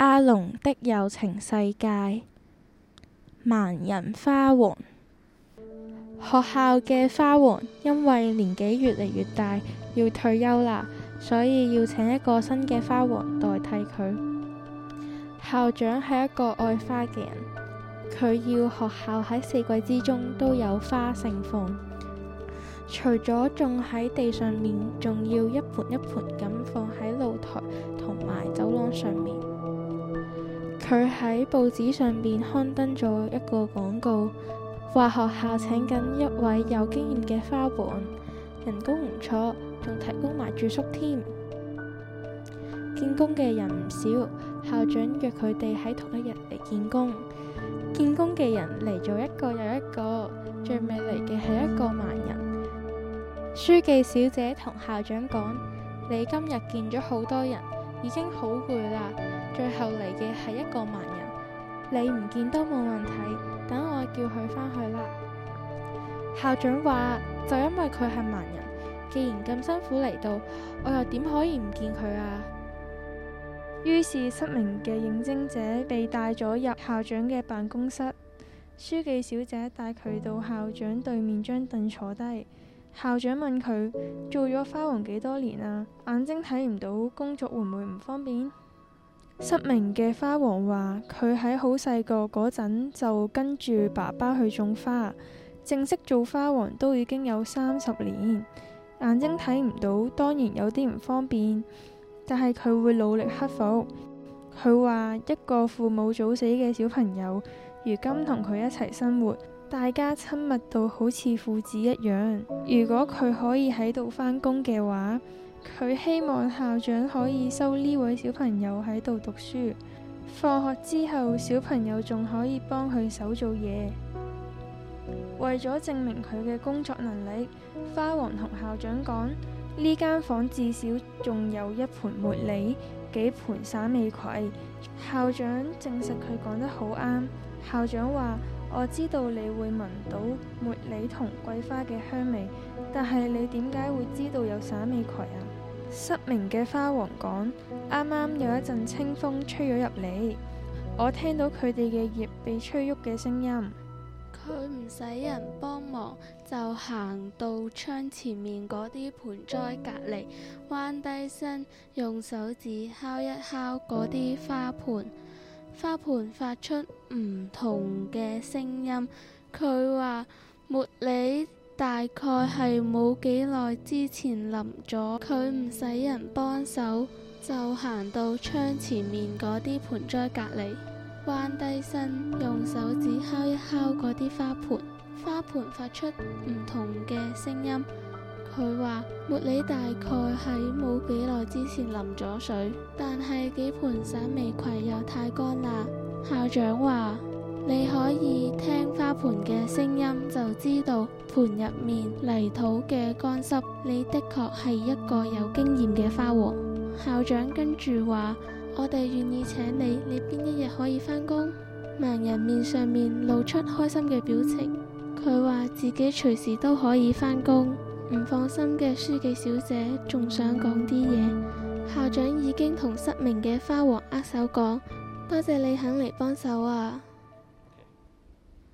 阿濃的有情世界，盲人花王。學校嘅花王因為年紀越嚟越大要退休啦，所以要請一個新嘅花王代替佢。校長係一個愛花嘅人，佢要學校喺四季之中都有花盛放。除咗種喺地上面，仲要一盆一盆咁放喺露台同埋走廊上面。佢喺報紙上邊刊登咗一個廣告，話學校請緊一位有經驗嘅花王，人工唔錯，仲提供埋住宿添。見工嘅人唔少，校長約佢哋喺同一日嚟見工。見工嘅人嚟咗一個又一個，最尾嚟嘅係一個盲人。書記小姐同校長講：「你今日見咗好多人，已經好攰啦。最後嚟嘅係一個盲人，你唔見都冇問題。等我叫佢返去啦。校長話：就因為佢係盲人，既然咁辛苦嚟到，我又點可以唔見佢啊？於是失明嘅應徵者被帶咗入校長嘅辦公室。書記小姐帶佢到校長對面張凳坐低。校長問佢：做咗花王幾多年啦，啊？眼睛睇唔到，工作會唔會唔方便？失明嘅花王話：佢喺好細個嗰陣就跟住爸爸去種花，正式做花王都已經有三十年。眼睛睇唔到，當然有啲唔方便，但係佢會努力克服。佢話一個父母早死嘅小朋友，如今同佢一齊生活，大家親密到好似父子一樣。如果佢可以喺度返工嘅話，佢希望校長可以收呢位小朋友喺度讀書，放學之後小朋友仲可以幫佢手做嘢。為咗證明佢嘅工作能力，花王同校長講：呢間房至少仲有一盆茉莉，幾盆散尾葵。校長證實佢講得好啱。校長話：我知道你會聞到茉莉同桂花嘅香味，但係你點解會知道有散尾葵啊？失明嘅花王講：啱啱有一陣清風吹咗入嚟，我聽到佢哋嘅葉被吹喐嘅聲音。佢唔使人幫忙，就行到窗前面嗰啲盆栽隔離，彎低身用手指敲一敲嗰啲花盆，花盆發出唔同嘅聲音。佢話：茉莉。大概係冇幾耐之前淋咗，佢唔使人幫手就行到窗前面嗰啲盆栽隔籬，彎低身用手指敲一敲嗰啲花盆，花盆發出唔同嘅聲音。佢話，茉莉大概喺冇幾耐之前淋咗水，但係幾盆散尾葵又太乾啦。校長話：你可以聽花盆嘅聲音，就知道盆入面泥土嘅乾濕。你的確係一個有經驗嘅花王。校長跟住話，我哋願意請你，你邊一日可以返工？盲人面上面露出開心嘅表情，佢話自己隨時都可以返工。唔放心嘅書記小姐仲想講啲嘢，校長已經同失明嘅花王握手講，多謝你肯嚟幫手啊！